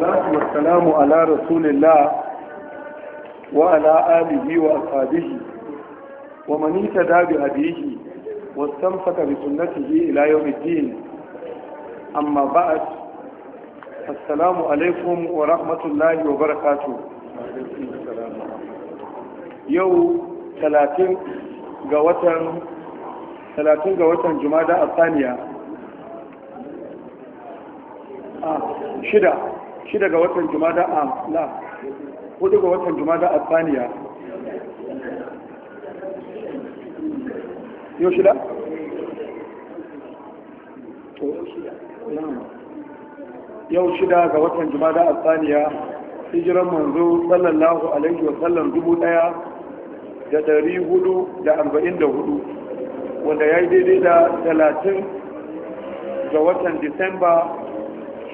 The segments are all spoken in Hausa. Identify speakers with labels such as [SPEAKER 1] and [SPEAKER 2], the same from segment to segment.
[SPEAKER 1] والصلاة والسلام على رسول الله وعلى آله وأصحابه ومن اهتدى بهديه واستمسك بسنته إلى يوم الدين أما بعد السلام عليكم ورحمة الله وبركاته يوم ثلاثين قوة ثلاثين قوة جمادة الثانية shida shida ga watan jumada a la hudu ga watan jumada a saniya yau shida? yau shida ga watan jumada a saniya hijiran manzo sallallahu alaihi wa sallam dubu daya da dari hudu da arba'in da hudu wanda ya yi daidai da talatin ga watan disamba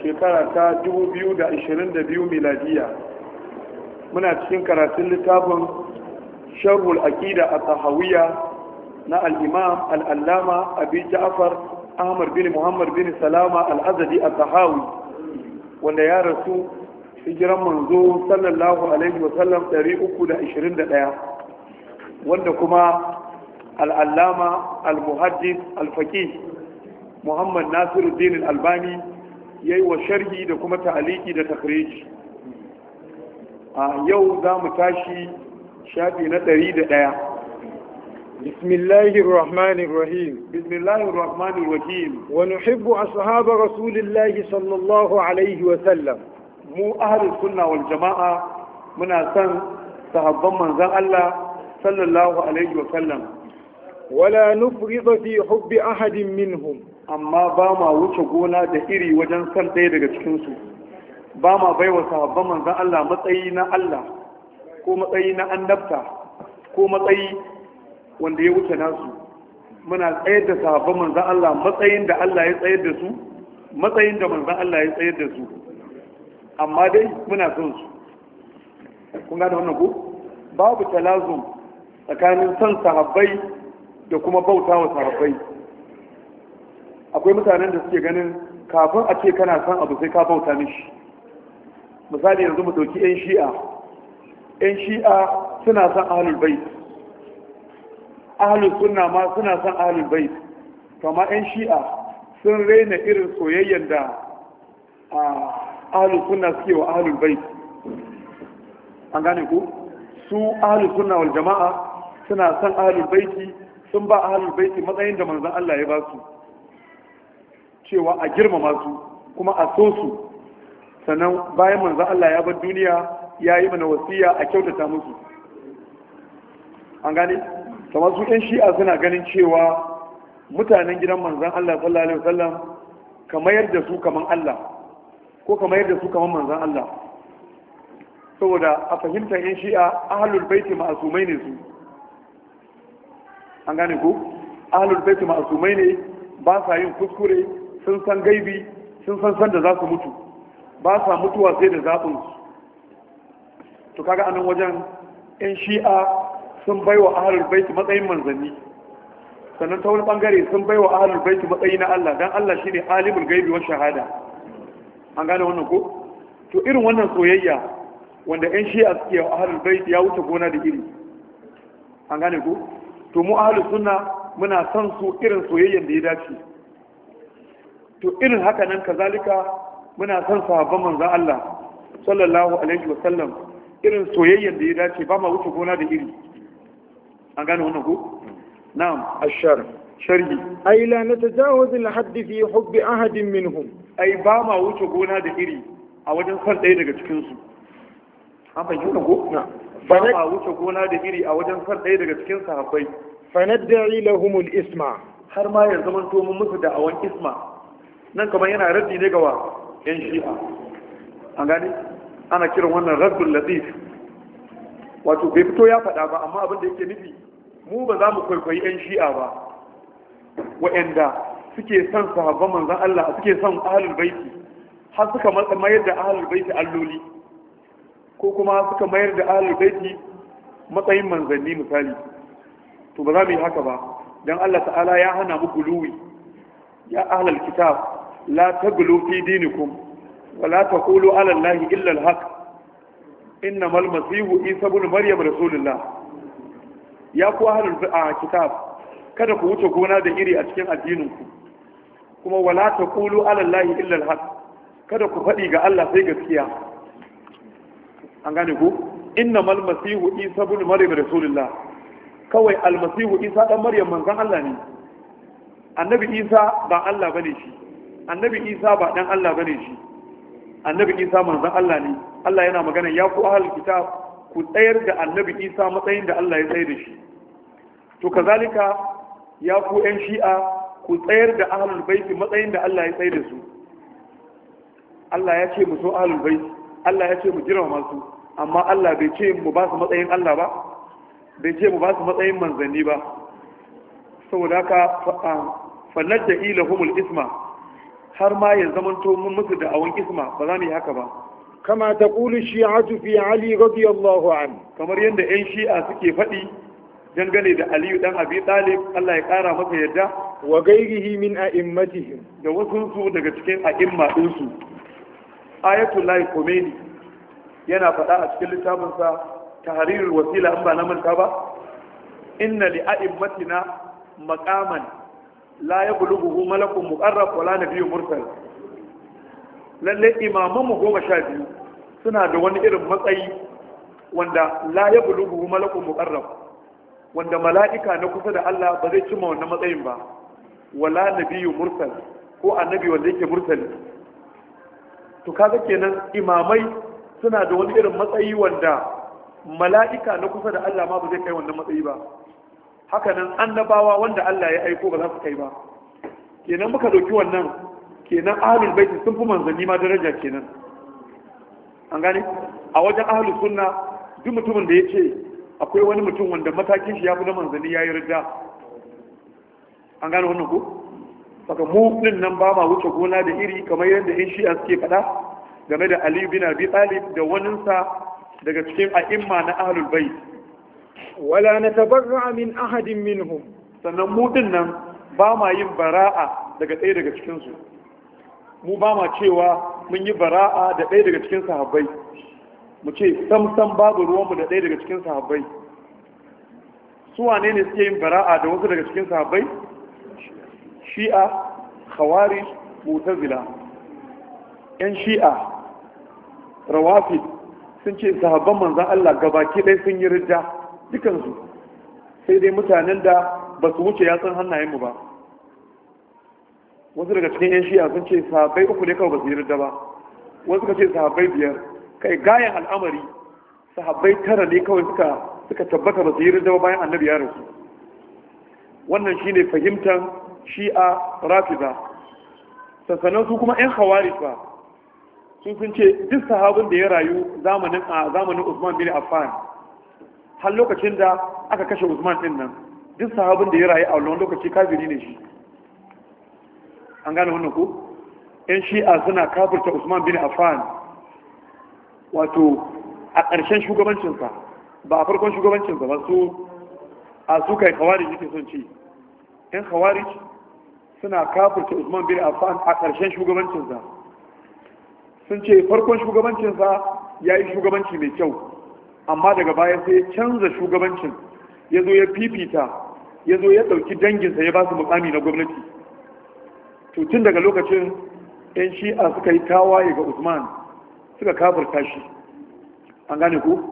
[SPEAKER 1] shekara ta 2022 miladiya muna cikin karatun littafin sharhul aqida at-tahawiyya na al-imam al-allama abi ja'far ahmad bin muhammad bin salama al-azadi at-tahawi wanda ya rasu hijiran manzo sallallahu alaihi wa sallam 321 wanda kuma al-allama al-muhaddis al-faqih muhammad nasiruddin al-albani ya yi wa sharhi da kuma taliki da takreji a yau za mu tashi shaɗi na ɗari da ɗaya bismillahirrahmanirrahim bismillahirrahmanirrahim wani hibbu a sahaba rasulillahi sallallahu alaihi wasallam mu ahalin sunna wal jama'a muna son sahabban manzan Allah sallallahu alaihi wasallam ولا نفرط في حب أحد منهم amma ba ma wuce gona da iri wajen san ɗaya daga cikinsu ba ma bai wa sahabban manzan Allah matsayi na Allah ko matsayi na annabta ko matsayi wanda ya wuce nasu muna tsayar da sahabban manzan Allah matsayin da Allah ya tsayar da su matsayin da manzan Allah ya tsayar da su amma dai muna son su kun gane wannan ko babu talazum tsakanin son sahabbai da kuma bauta wa sahabbai akwai mutanen da suke ganin kafin a ce kana san abu sai ka bauta mishi misali yanzu mu ɗauki 'yan shi'a 'yan shi'a suna san ahlul bait ahlus sunna ma suna san ahlul bait kama 'yan shi'a sun raina irin soyayyen da ahlus sunna suke wa ahlul bait an gane ku su ahlus sunna wal jama'a suna san ahlul baiti sun ba ahlul baiti matsayin da manzon Allah ya ba su cewa a girmama su kuma a so su sannan bayan manzo Allah ya bar duniya ya yi mana wasiya a kyautata musu an gane kamar su ɗan shi'a suna ganin cewa mutanen gidan manzan Allah sallallahu alaihi wasallam kamar yadda su kaman Allah ko kamar yadda su kaman manzan Allah saboda a fahimtar yan shi'a ahlul baiti ma'asumai ne su an gane ko ahlul baiti ma'asumai ne ba sa yin kuskure sun san gaibi sun san san da za su mutu ba sa mutuwa sai da zaɓinsu to kaga anan wajen 'yan shi'a sun bai wa ahalar baiti matsayin manzanni sannan ta wani bangare sun bai wa ahalar baiti matsayi na Allah don Allah shi ne alimul gaibi wa shahada an gane wannan ko to irin wannan soyayya wanda 'yan shi'a suke wa ahalar baiti ya wuce gona da iri an gane ko to mu ahalar suna muna son su irin soyayyan da ya dace to irin haka nan kazalika muna son sahabban manzon Allah sallallahu alaihi wasallam irin soyayyar da ya dace ba ma wuce gona da iri an gane wannan ko na'am ashar sharhi ay la natajawaz al hadd fi hubb ahad minhum ay ba ma wuce gona da iri a wajen son ɗaya daga cikin su an fahimci wannan ko ba ma wuce gona da iri a wajen son ɗaya daga cikin sahabbai fanadda'i lahum lahumul isma har ma ya zama to mun musu da awan isma nan kamar yana raddi ne gawa yan shi'a an gani ana kiran wannan raddul latif wato bai fito ya faɗa ba amma abin da yake nufi mu ba za mu kwaikwayi yan shi'a ba wa'anda suke son sahabban manzan Allah suke son ahlul baiti har suka mayar da ahlul baiti alloli ko kuma suka mayar da ahlul baiti matsayin manzanni misali to ba za mu yi haka ba don Allah ta'ala ya hana mu guluwi ya ahlal kitab la taglu fi dinikum wa la taqulu ala allahi illa alhaq innamal masihu isa ibn maryam rasulullah ya ku ahlul kitab kada ku wuce gona da iri a cikin addininku kuma wala taqulu ala allahi illa alhaq kada ku faɗi ga Allah sai gaskiya an gane ku innamal masihu isa ibn maryam rasulullah kawai almasihu isa dan maryam manzon Allah ne annabi isa ba Allah bane shi annabi isa ba dan Allah bane shi annabi isa manzon Allah ne Allah yana magana ya ku ahlul kitab ku tsayar da annabi isa matsayin da Allah ya tsayar da shi to kazalika ya ku yan shi'a ku tsayar da ahlul baiti matsayin da Allah ya tsayar da su Allah ya ce mu so ahlul baiti Allah ya ce mu girmama su amma Allah bai ce mu ba su matsayin Allah ba bai ce mu ba su matsayin manzanni ba saboda haka da ah, najja ilahumul isma har ma ya zamanto mun musu da awon isma ba za mu yi haka ba kama ta kulu shi'atu fi ali radiyallahu an kamar yadda yan shi'a suke faɗi dangane da aliyu dan abi talib Allah ya kara masa yadda wa gairihi min a'immatihim da wasu su daga cikin a'imma din su lahi khomeini yana faɗa a cikin littafin sa tahrirul wasila an ba na manta ba inna li a'immatina maqaman la ya buluguhu malakun muqarrab wala nabiyyu mursal lalle imaman mu goma sha biyu suna da wani irin matsayi wanda la ya buluguhu malakun muqarrab wanda mala'ika na kusa da Allah ba zai cimma wannan matsayin ba wala nabiyyu mursal ko annabi wanda yake mursali to kaga kenan imamai suna da wani irin matsayi wanda mala'ika na kusa da Allah ma ba zai kai wannan matsayi ba hakanan annabawa wanda Allah ya aiko ba za su kai ba kenan muka dauki wannan kenan ahlul bait sun fi manzanni ma daraja kenan an gane a wajen ahlus sunna duk mutumin da ya akwai wani mutum wanda matakin shi ya fi na manzanni ya yi rida an gane wannan ko saka mu din nan ba ma wuce gona da iri kamar yadda in shi'a suke faɗa game da aliyu bin abi talib da waninsa daga cikin a'imma na ahlul bait wala natabarra min ahadin minhum sannan mu nan ba ma yin bara'a daga ɗaya daga cikinsu? mu ba ma cewa mun yi bara'a da ɗaya daga cikin sahabbai mu ce samsam babu ruwanmu da ɗaya daga cikin sahabbai su wane ne suke yin bara'a da wasu daga cikin sahabbai shi'a khawari mutazila yan shi'a rawafi sun ce sahabban manzan Allah gabaki ɗaya sun yi rijja dukansu sai dai mutanen da ba su wuce yatsun hannayenmu ba wasu daga cikin 'yan shiya sun ce sahabbai uku ne kawai ba su rida ba wasu suka ce sahabbai biyar kai gayan al'amari sahabbai tara ne kawai suka suka tabbata ba su rida ba bayan annabi ya rasu wannan shine fahimtar shi'a rafida sassanan su kuma 'yan hawari ba sun sun ce duk sahabin da ya rayu zamanin a zamanin usman bin affan har lokacin da aka kashe usman din nan duk sahabin da ya rayu a wannan lokaci kafiri ne shi an gane wannan ko yan shi'a suna kafirta usman bin affan wato a ƙarshen shugabancinsa ba a farkon shugabancin sa ba su a su kai khawarij ne son ci yan khawarij suna kafirta usman bin affan a ƙarshen shugabancinsa sun ce farkon shugabancinsa ya yi shugabanci mai kyau amma daga baya sai ya canza shugabancin ya zo ya fifita ya zo ya ɗauki danginsa ya ba su mukami na gwamnati to tun daga lokacin 'yan shi'a suka yi tawaye ga usman suka kafarta shi an gane ku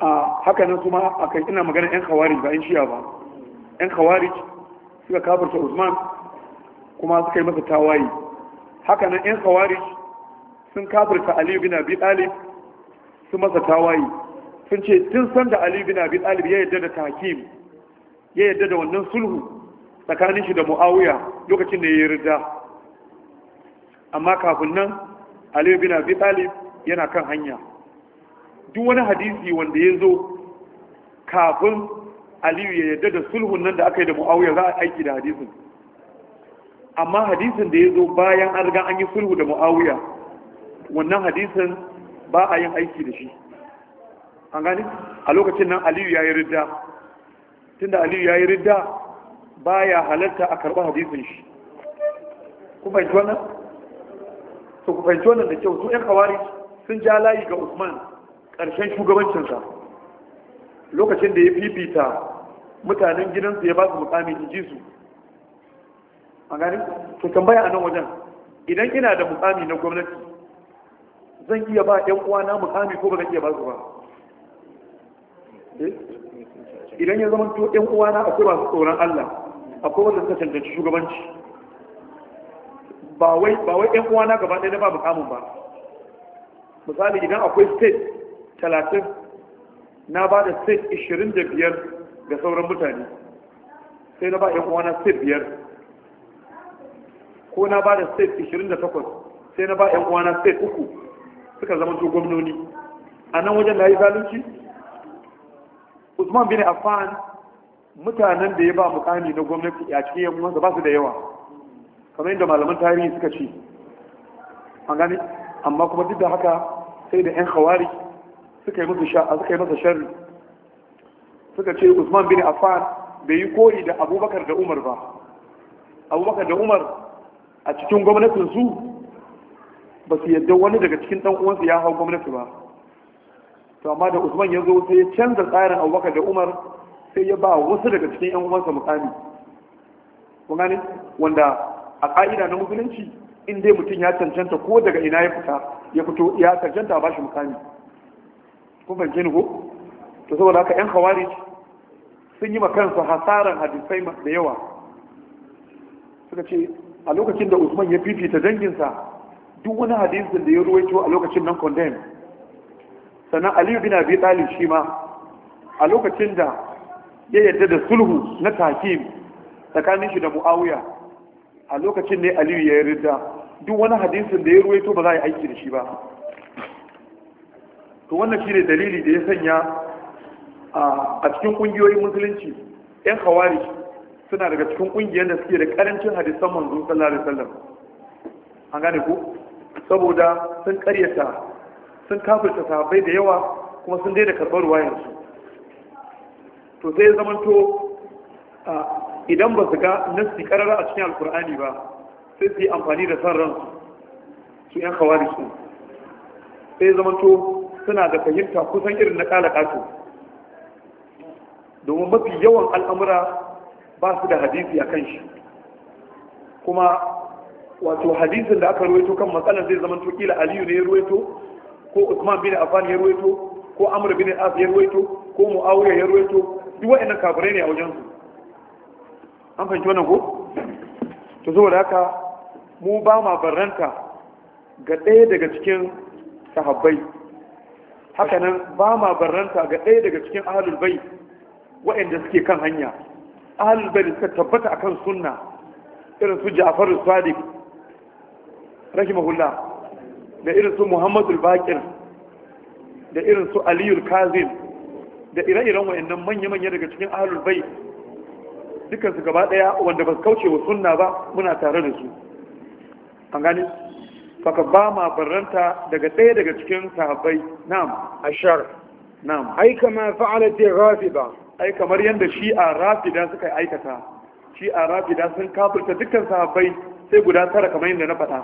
[SPEAKER 1] a hakanan kuma a kan ina magana 'yan khawarij ba 'yan shi'a ba 'yan khawarij suka kafarta usman kuma suka yi masa tawaye hakanan 'yan khawarij sun kafarta aliyu bin abi talib sun masa tawaye sun ce tun san da Ali bin Abi Talib ya yarda da takim, ya yarda da wannan sulhu tsakanin shi da Muawiya lokacin da ya yarda amma kafin nan Ali bin Abi Talib yana kan hanya duk wani hadisi wanda ya zo kafin Aliyu ya yarda da sulhun nan da aka yi da Muawiya za a aiki da hadisin amma hadisin da ya zo bayan an riga an yi sulhu da Muawiya wannan hadisin ba a yin aiki da shi an gani a lokacin nan aliyu ya yi ridda tunda aliyu ya yi ridda ba ya halarta a karɓar hadisin shi ku fahimci wannan ku fahimci wannan da kyau su yan kawari sun ja layi ga usman ƙarshen shugabancinsa lokacin da ya fifita mutanen gidansu ya ba su mukami in ji su an gani to tambaya a nan wajen idan ina da mukami na gwamnati zan iya ba 'yan na mukami ko ba zan iya ba su ba Eh? idan ya zama to ɗan uwana akwai masu tsoron Allah akwai wanda suka cancanci shugabanci ba wai ba wai ɗan uwana gaba ɗaya na ba mukamin ba misali idan akwai state talatin na ba da state ishirin da biyar ga sauran mutane sai na ba ɗan uwana state biyar ko na ba da state ishirin da takwas sai na ba ɗan uwana state uku suka zama to gwamnoni a nan wajen na yi zalunci usman bin affan mutanen da ya ba mukami na gwamnati a cikin yan ba su da yawa kamar yadda malaman tarihi suka ce an gani amma kuma duk da haka sai da yan khawari suka yi musu sha suka yi masa sharri suka ce usman bin affan bai yi koyi da abubakar da umar ba abubakar da umar a cikin gwamnatin su ba su yadda wani daga cikin dan uwansu ya hau gwamnati ba to amma da usman ya zo sai ya canza tsarin abubakar da umar sai ya ba wasu daga cikin yan uwansa mukami kun gane wanda a ƙa'ida na musulunci in dai mutum ya cancanta ko daga ina ya fita ya fito ya cancanta a bashi mukami kun fahimce ni ko to saboda haka yan khawarij sun yi ma kansu hasaran hadisai da yawa suka ce a lokacin da usman ya fifita danginsa duk wani hadisin da ya ruwaito a lokacin nan condemn sannan aliyu bin abi talib shi ma a lokacin da ya yarda da sulhu na takim tsakanin shi da muawiya a lokacin ne aliyu ya yarda duk wani hadisin da ya ruwaito ba za a yi aiki da shi ba to wannan shi ne dalili da ya sanya a cikin ƙungiyoyin musulunci yan hawari suna daga cikin ƙungiyar da suke da karancin hadisan manzon sallallahu alaihi wasallam an gane ku saboda sun karyata sun kafirta sahabbai da yawa kuma sun daina karɓar wayarsu. to sai ya zamanto idan ba su ga nasi karara a cikin alkur'ani ba sai su yi amfani da san ransu su yan kawari su sai ya zamanto suna da fahimta kusan irin na kalaka su domin mafi yawan al'amura ba su da hadisi a kan shi kuma wato hadisin da aka ruwaito kan matsalar zai zamanto kila aliyu ne ya ruwaito ko Usman bin Affan ya ruwaito ko Amr bin As ya ruwaito ko Muawiya ya ruwaito duk waɗannan kafirai ne a wajen su an fahimci wannan ko to saboda haka mu ba ma barranta ga ɗaya daga cikin sahabbai hakanan ba ma barranta ga ɗaya daga cikin ahlul bai waɗanda suke kan hanya ahlul bai da suka tabbata akan sunna irin su Ja'far as-Sadiq rahimahullah da irin su muhammadu bakir da irin su aliyu kazim da ire-iren wayannan manya-manya daga cikin ahalul bai dukansu gaba daya wanda ba su kauce wa sunna ba muna tare da su an gani faka ba ma barranta daga daya daga cikin sahabbai na'am ashar na'am ai kama fa'alat rafida ai kamar yanda shi'a rafida suka aikata shi shi'a rafida sun kafirta dukkan sahabbai sai guda tara kamar yanda na faɗa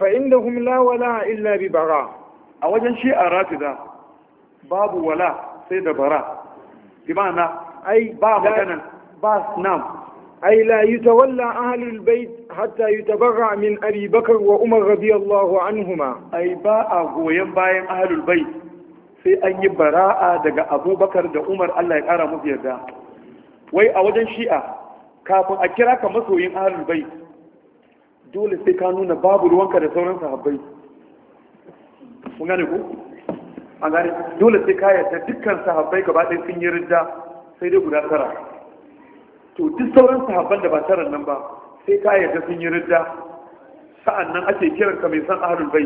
[SPEAKER 1] fa indahum la wala illa bi bara a wajen shi rafida babu wala sai da bara bi ma'ana ai ba magana ba nam ai la yutawalla ahlul hatta yutabarra min abi bakr wa umar radiyallahu anhuma ai ba a goyen bayan ahlul bait sai an yi bara'a daga abubakar da umar allah ya kara musu yarda wai a wajen shi'a kafin a kira ka masoyin ahlul bait dole sai ka nuna babu ruwanka da sauran sahabbai kun gane ko an gane dole sai ka yarda dukkan sahabbai gaba ɗaya sun yi ridda sai dai guda tara to duk sauran sahabban da ba tara nan ba sai ka yarda sun yi ridda sa'an nan ake kiran ka mai san ahlul bai.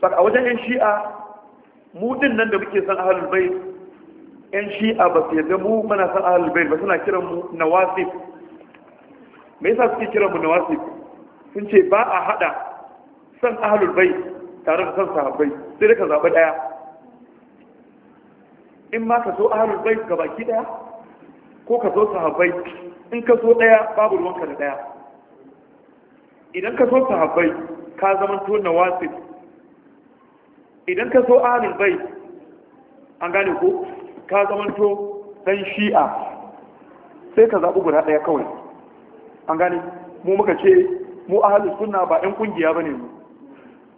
[SPEAKER 1] Ba a wajen yan shi'a mu din nan da muke san ahlul bai yan shi'a ba su yarda mu muna san ahlul bai ba suna kiran mu nawasif me yasa suke kiran mu nawasif sun ce ba a hada san ahlul bai tare da san sahabbai sai da ka zaɓi ɗaya in ma ka zo ahlul bai ga baki ɗaya ko ka zo sahabbai in ka zo ɗaya babu ruwanka da ɗaya idan ka zo sahabbai ka zama to na wasif idan ka zo ahlul bai an gane ko ka zama to dan shi'a sai ka zaɓi guda ɗaya kawai an gane mu muka ce mu ahalus suna ba ɗan ƙungiya ba ne mu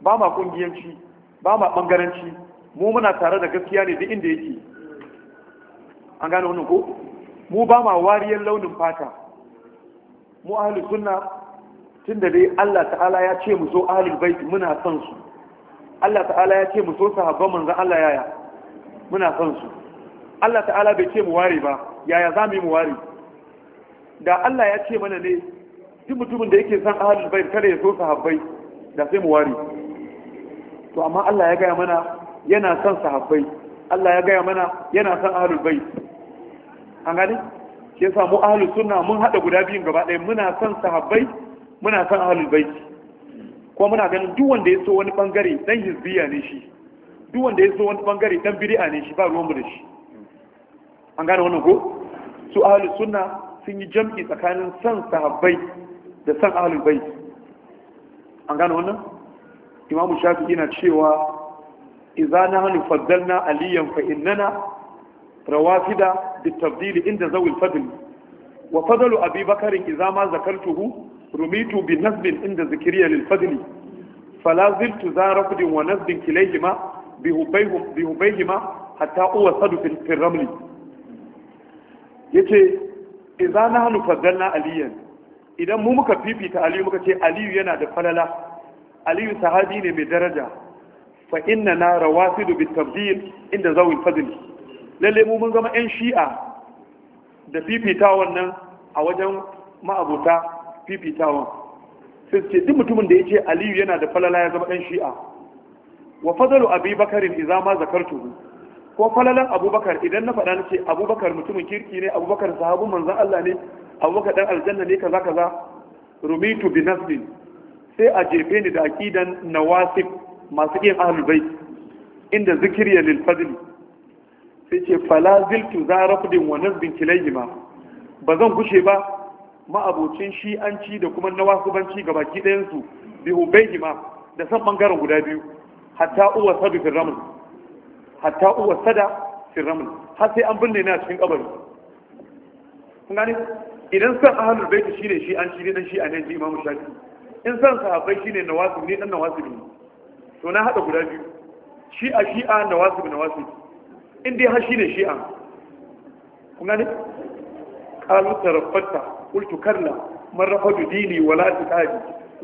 [SPEAKER 1] ba ma ƙungiyanci ba ma ɓangaranci mu muna tare da gaskiya ne duk inda yake an gane wani ko mu ba ma wariyar launin fata mu ahalus suna tun da dai Allah ta'ala ya ce mu so ahalul bait muna son su Allah ta'ala ya ce mu so sahabban manzon Allah yaya muna son su Allah ta'ala bai ce mu ware ba yaya za mu yi mu ware da Allah ya ce mana ne duk mutumin da yake san ahalul bayt kada ya so sahabbai da sai mu ware to amma Allah ya gaya mana yana son sahabbai Allah ya gaya mana yana son ahalul bayt an ne shi yasa mu ahalul sunna mun hada guda biyun gaba ɗaya muna son sahabbai muna son ahalul bayt ko muna ganin duk wanda ya so wani bangare dan hizbiya ne shi duk wanda ya so wani bangare dan bid'a ne shi ba ruwan mu da shi an gane wannan ko su ahalus sunna sun yi jam'i tsakanin son sahabbai da san ahlul bai. an gano wannan imamu shafi'i yana cewa idza nahnu na aliyan fa innana rawafida bitabdil inda zawil fadl wa fadlu abi bakr idza ma zakartuhu rumitu bi nasbin inda zikriya lil fadl fala ziltu za rafdin wa nasbin kilayhima bihubayhum bihubayhima hatta uwasadu fil ramli yace iza na idza nahnu faddalna aliyan idan mu muka fifita aliyu muka ce aliyu yana da falala aliyu sahabi ne mai daraja fa inna na rawasidu bi tabdil inda zawil fadl lalle mu mun zama yan shi'a da fifita wannan a wajen ma'abuta fifitawan sai ce duk mutumin da ya ce aliyu yana da falala ya zama yan shi'a wa fadalu abi bakarin idza ma zakartu ko falalan abubakar idan na faɗa na ce abubakar mutumin kirki ne abubakar sahabin manzon Allah ne A waka dan aljanna ne kaza kaza rumitu bi nasbin sai a jefe ni da akidan nawasif masu yin ahlul bait inda zikriya lil fadl sai ce fala ziltu za wa nasbin kilayhima ba zan gushe ba ma'abocin shi'anci da kuma nawasubanci ga baki ɗayan su bi ubayhima da san bangaren guda biyu hatta uwa sadu fi hatta uwa sada fi har sai an binne ni a cikin kabari idan san ahlul baiti shine shi an shine dan shi a nan ji imamu shafi in san sahabbai shine nawasib ne dan nawasib ne to na hada guda biyu shi a shi'a nawasib nawasib in dai har shine shi'a kun gane qalu tarafatta qultu karla man rafadu dini wala tiqadi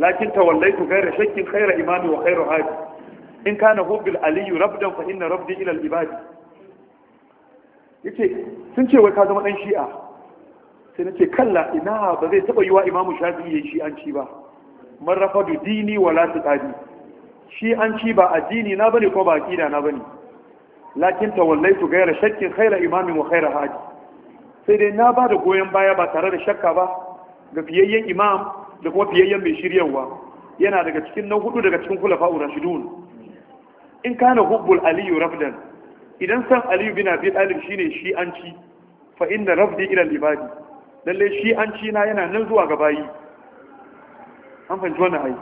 [SPEAKER 1] lakin tawallaitu ghayra shakkin khayra imami wa khayra hadi in kana hubbil aliyu rabdan fa inna rabbi ila al ibadi yace sun ce wai ka zama dan shi'a sai na ce kalla ina ba zai taɓa wa imamu shafi ya shi an ci ba man rafadu dini wa la tsadi shi an ci ba addini na bane ko ba aqida na bane lakin tawallaitu ghayra shakkin khaira imamin wa khaira hadi sai dai na ba da goyon baya ba tare da shakka ba ga fiyayyen imam da kuma fiyayyen mai shiryarwa yana daga cikin nan hudu daga cikin kulafa'u urashidun. in kana hubbul aliyu rafdan idan san aliyu bin abi talib shine shi an ci fa inna rafdi ila lalle shi an ci na yana nan zuwa ga bayi an fahimci wannan ai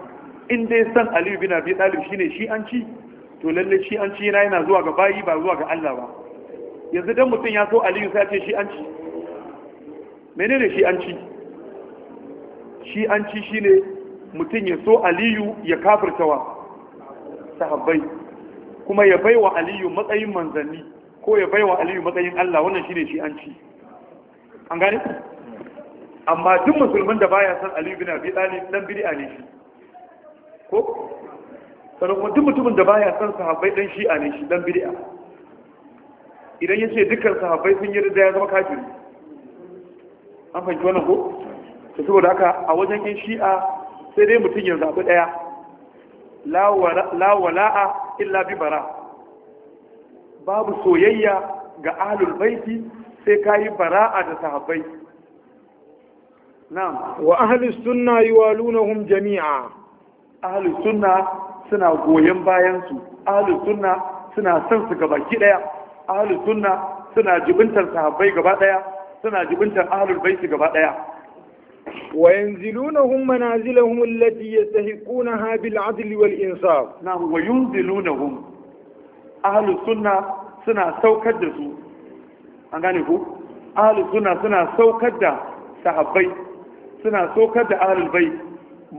[SPEAKER 1] in dai san aliyu bin abi talib shine shi an ci to lalle shi an ci na yana zuwa ga bayi ba zuwa ga Allah ba yanzu dan mutum ya so aliyu sai ce shi an ci menene shi an ci shi an ci shine mutum ya so aliyu ya kafirtawa sahabbai kuma ya baiwa aliyu matsayin manzanni ko ya baiwa aliyu matsayin Allah wannan shine shi an ci an gane amma duk musulmin da baya san Ali bin Abi Talib dan bid'a ne shi ko sannan kuma duk mutumin da baya san sahabbai dan shi'a ne shi dan bid'a idan ya ce dukkan sahabbai sun yi da ya zama kafiri an fahimci wannan ko to saboda haka a wajen yin shi'a sai dai mutum ya zaɓi ɗaya la wala'a illa bi bara babu soyayya ga ahlul baiti sai kai bara'a da sahabbai na'am wa ahlus sunna yuwalunahum jami'a ahlus sunna suna goyen bayan su ahlus sunna suna son su gabaki daya ahlus sunna suna jibintar sahabbai gaba daya suna jibintar ahlul وينزلونهم منازلهم التي يستحقونها بالعدل والإنصاف نعم وينزلونهم أهل السنة سنة سوكد سو أغانيكو أهل السنة سنة سوكد صحابي suna sokar da ahlul bait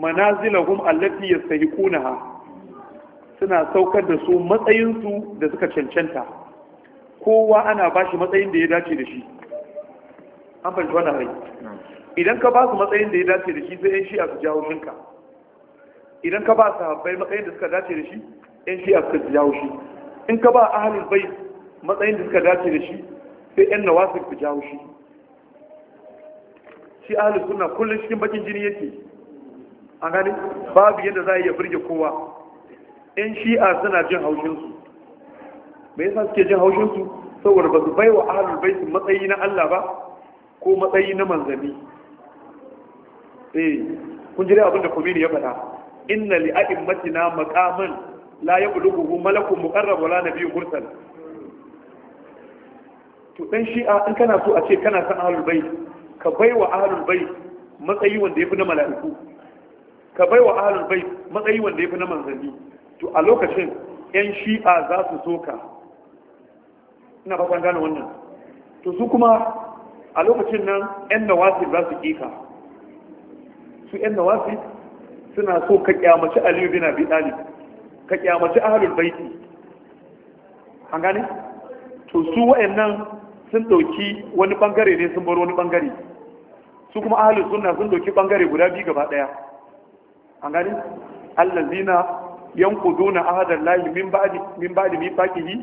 [SPEAKER 1] manazilahum allati yastahiqunaha suna saukar da su matsayinsu da suka cancanta kowa ana bashi matsayin da ya dace da shi an fahimci wannan rai idan ka ba su matsayin da ya dace da shi sai yan shi'a su jawo shinka idan ka ba su habbai matsayin da suka dace da shi yan shi'a suka jawo shi in ka ba ahlul bai matsayin da suka dace da shi sai yan nawasik su jawo shi shi ahli suna kullun cikin bakin jini yake an gani babu yadda za a iya birge kowa in shi'a suna jin haushinsu me yasa suke jin haushinsu saboda ba su baiwa ahalul baiti matsayi na Allah ba ko matsayi na manzanni eh kun jira abin da komini ya faɗa inna li a'immatina maqaman la yablughu malakun muqarrab wala nabiyyu mursal to dan shi'a in kana so a ce kana san ahlul bait ka bai wa ahlul bai matsayi wanda yafi na mala'iku ka bai wa ahlul bai matsayi wanda yafi na manzanni to a lokacin yan shi'a za su soka ina ba gane wannan to su kuma a lokacin nan yan nawasi za su kika su yan nawasi suna so ka kyamaci aliyu bin abi talib ka kyamaci ahlul baiti an gane to su wa'annan sun dauki wani bangare ne sun bar wani bangare su kuma ahalin sunna sun doki bangare guda biyu gaba daya an gani allazina yanquduna ahadan lahi min ba'di min ba'di mifaqihi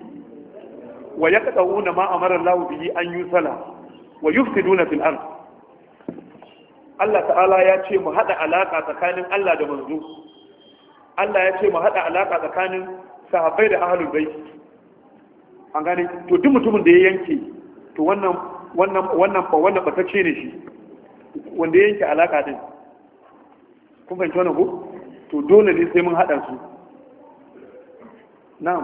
[SPEAKER 1] wa yaqta'una ma amara Allah bihi an yusala wa yufsiduna fil ard Allah ta'ala ya ce mu hada alaka tsakanin Allah da manzo Allah ya ce mu hada alaka tsakanin sahabbai da ahalul bait an gani? to duk mutumin da ya yanke to wannan wannan wannan wannan batacce ne shi wanda yanke alaka din kun fahimci wannan ko to dole ne sai mun hada su na'am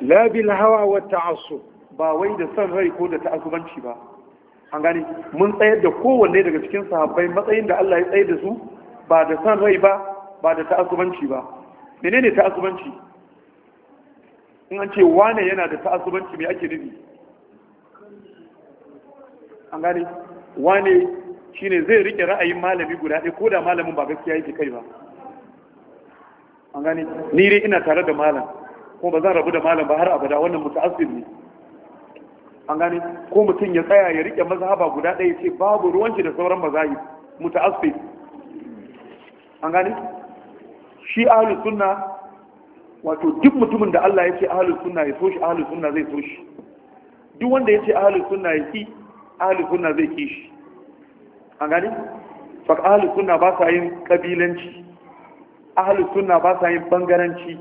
[SPEAKER 1] la bil hawa wa ta'assub ba wai da san rai ko da ta'assubanci ba an gane mun tsayar da kowanne daga cikin sahabbai matsayin da Allah ya tsayar da su ba da san rai ba ba da ta'assubanci ba menene ta'assubanci in an ce wane yana da ta'assubanci me ake nufi an gane wane shine zai rike ra'ayin malami guda ɗaya ko da malamin ba gaskiya yake kai ba an gani ni dai ina tare da malam ko ba zan rabu da malam ba har abada wannan muta'assib ne an gani ko mutum ya tsaya ya rike mazhaba guda ɗaya ce babu ruwanci da sauran mazahi muta'assib an gani shi ahlus sunna wato duk mutumin da Allah ya ce ahlus sunna ya so shi ahlus sunna zai so shi duk wanda ya ce ahlus sunna ya ki ahlus sunna zai ki shi an gani fak ahalus suna ba sa yin kabilanci ahalus suna ba sa yin bangaranci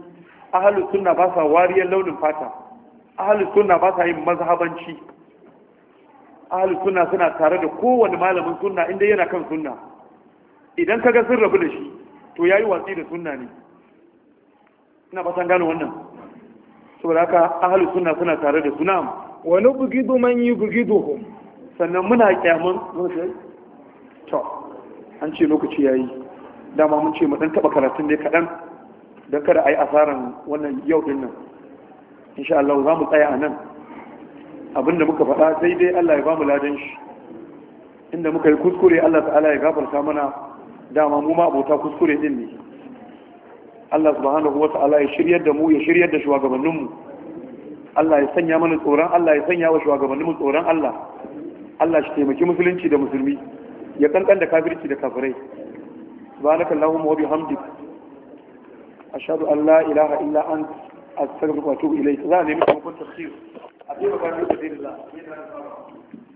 [SPEAKER 1] ahalus suna ba sa wariyar launin fata ahalus suna ba sa yin mazhabanci ahalus suna suna tare da kowane malamin suna inda yana kan suna, idan kaga sun rabu da shi to ya yi watsi da suna ne ina ba san gano wannan saboda haka ahalus suna suna tare da suna wani nubghidu man yubghiduhum sannan muna kyaman to an ce lokaci yayi dama mun ce mu dan taba karatun ne kadan dan kada yi asaran wannan yau din nan insha Allah za mu tsaya a nan abinda muka faɗa sai dai Allah ya ba mu ladan shi inda muka yi kuskure Allah ta'ala ya gafarta mana dama mu ma abota kuskure din ne Allah subhanahu wa ta'ala ya shiryar da mu ya shiryar da shugabanninmu Allah ya sanya mana tsoron Allah ya sanya wa shugabanninmu tsoron Allah Allah shi taimaki musulunci da musulmi ya kankan da kafirci da kafirai subhanaka allahumma wa bihamdik ashhadu an la ilaha illa ant astaghfiruka wa atubu ilayk za ne mutum kun tafsir a cikin kafirci da